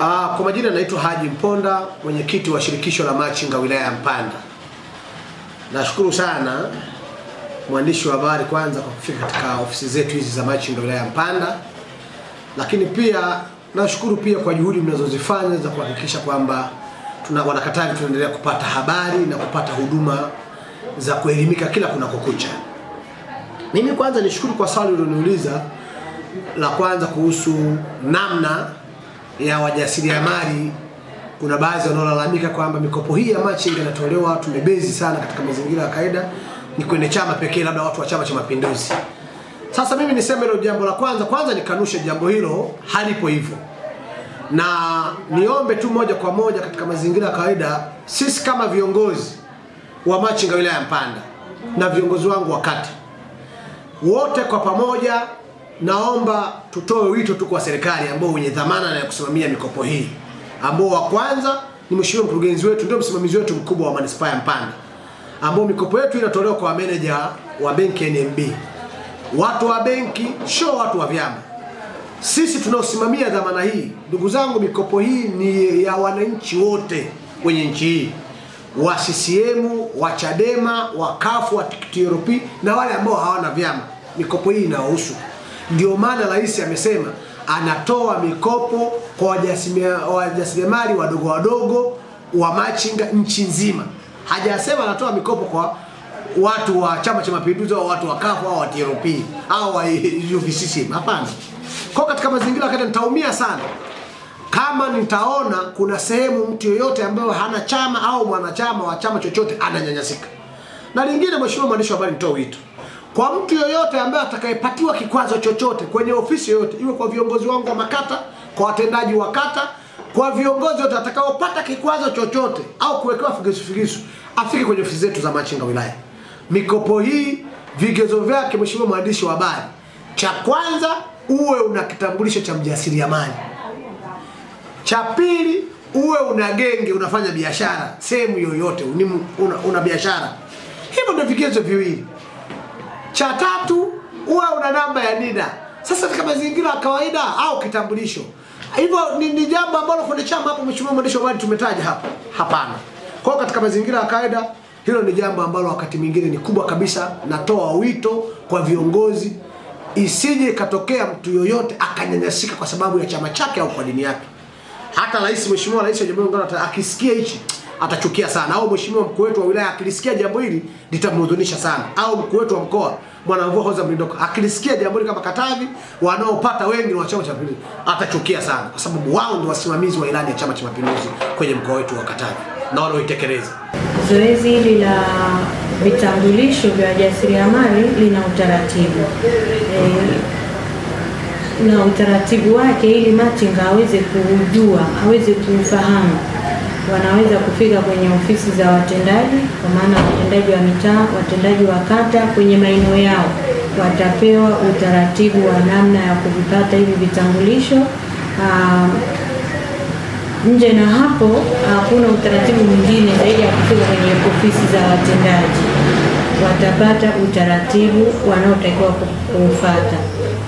Ah, kwa majina naitwa Haji Mponda, mwenyekiti wa shirikisho la machinga wilaya ya Mpanda. Nashukuru sana mwandishi wa habari kwanza kwa kufika katika ofisi zetu hizi za machinga wilaya ya Mpanda, lakini pia nashukuru pia kwa juhudi mnazozifanya za kuhakikisha kwamba tuna Wanakatari tunaendelea kupata habari na kupata huduma za kuelimika kila kunakokucha. Mimi kwanza nishukuru kwa swali ulioniuliza la kwanza kuhusu namna ya wajasiriamali, kuna baadhi wanaolalamika kwamba mikopo hii ya machinga inatolewa mebezi sana katika mazingira ya kawaida, ni kwenye chama pekee, labda watu wa Chama cha Mapinduzi. Sasa mimi niseme hilo jambo la kwanza, kwanza nikanushe jambo hilo, halipo hivyo, na niombe tu moja kwa moja katika mazingira ya kawaida, sisi kama viongozi wa machinga wilaya ya Mpanda na viongozi wangu wa kata wote kwa pamoja naomba tutoe wito tu kwa serikali ambao wenye dhamana na kusimamia mikopo hii, ambao wa kwanza ni mheshimiwa mkurugenzi wetu, ndio msimamizi wetu mkubwa wa manispaa ya Mpanda, ambao mikopo yetu inatolewa kwa manager wa benki NMB. Watu wa benki sio watu wa vyama, sisi tunaosimamia dhamana hii. Ndugu zangu, mikopo hii ni ya wananchi wote wenye nchi hii, wa CCM, wa Chadema, wa CUF, wa TRP na wale ambao hawana vyama, mikopo hii inawahusu. Ndio maana rais amesema anatoa mikopo kwa wajasiriamali wadogo wadogo wa machinga nchi nzima. Hajasema anatoa mikopo kwa watu wa Chama cha Mapinduzi au watu wa CUF au wa TLP au wa UVCCM. Hapana. Kwa katika mazingira wakati nitaumia sana kama nitaona kuna sehemu mtu yoyote ambayo hana chama au mwanachama wa chama chochote ananyanyasika. Na lingine, mheshimiwa mwandishi wa habari, nitoa wito kwa mtu yoyote ambaye atakayepatiwa kikwazo chochote kwenye ofisi yoyote, iwe kwa viongozi wangu wa makata, kwa watendaji wa kata, kwa viongozi wote atakaopata kikwazo chochote au kuwekewa figisu figisu, afike kwenye ofisi zetu za machinga wilaya. Mikopo hii vigezo vyake, mheshimiwa mwandishi wa habari, cha kwanza uwe una kitambulisho cha mjasiriamali, cha pili uwe una genge, unafanya biashara sehemu yoyote, una, una biashara. Hivyo ndio vigezo viwili. Cha tatu huwa una namba ya NIDA. Sasa katika mazingira ya kawaida au kitambulisho hivyo ni, ni jambo ambalo chama hapo mheshimiwa mwandishi wa habari tumetaja hapo hapana. Kwa hiyo katika mazingira ya kawaida hilo ni jambo ambalo wakati mwingine ni kubwa kabisa. Natoa wito kwa viongozi, isije ikatokea mtu yoyote akanyanyasika kwa sababu ya chama chake au kwa dini yake. Hata rais, mheshimiwa rais wa Jamhuri ya Muungano akisikia hichi atachukia sana, au mheshimiwa mkuu wetu wa wilaya akilisikia jambo hili litamhudhunisha sana, au mkuu wetu wa mkoa Mvua Hoza Mlindoka akilisikia jambo hili, kama Katavi wanaopata wengi ni wa Chama cha Mapinduzi, atachukia sana, kwa sababu wao ndio wasimamizi wa ilani ya Chama cha Mapinduzi kwenye mkoa wetu wa Katavi na wanaoitekeleza. Zoezi hili la vitambulisho vya wajasiriamali lina utaratibu e na utaratibu wake ili machinga aweze kujua aweze kufahamu wanaweza kufika kwenye ofisi za watendaji, kwa maana watendaji wa mitaa, watendaji wa kata kwenye maeneo yao, watapewa utaratibu wa namna ya kuvipata hivi vitambulisho. Ah, nje na hapo hakuna utaratibu mwingine zaidi ya kufika kwenye ofisi za watendaji, watapata utaratibu wanaotakiwa kufuata,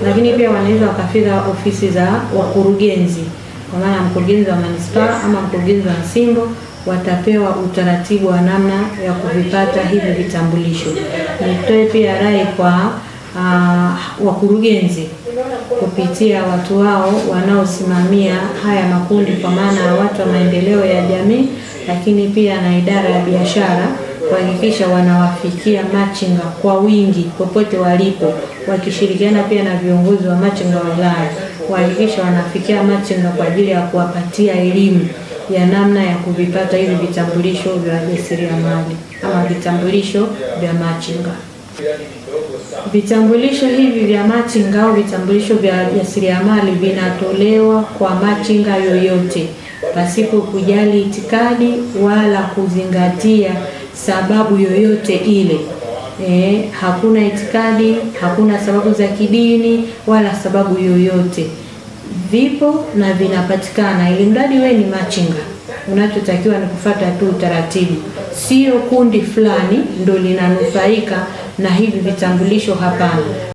lakini pia wanaweza wakafika ofisi za wakurugenzi kwa maana mkurugenzi wa manispaa ama mkurugenzi wa msimbo watapewa utaratibu wa namna ya kuvipata hivi vitambulisho. Nitoe pia rai kwa uh, wakurugenzi kupitia watu wao wanaosimamia haya makundi, kwa maana ya watu wa maendeleo ya jamii, lakini pia na idara ya biashara kuhakikisha wanawafikia machinga kwa wingi popote walipo, wakishirikiana pia na viongozi wa machinga wa wilaya kuandikisha wanafikia machinga kwa ajili ya kuwapatia elimu ya namna ya kuvipata hivi vitambulisho vya wajasiriamali ama vitambulisho vya machinga. Vitambulisho hivi vya machinga au vitambulisho vya wajasiriamali vinatolewa kwa machinga yoyote pasipo kujali itikadi wala kuzingatia sababu yoyote ile eh, hakuna itikadi, hakuna sababu za kidini wala sababu yoyote. Vipo na vinapatikana, ili mradi wewe ni machinga, unachotakiwa ni kufuata tu utaratibu, sio kundi fulani ndo linanufaika na hivi vitambulisho. Hapana.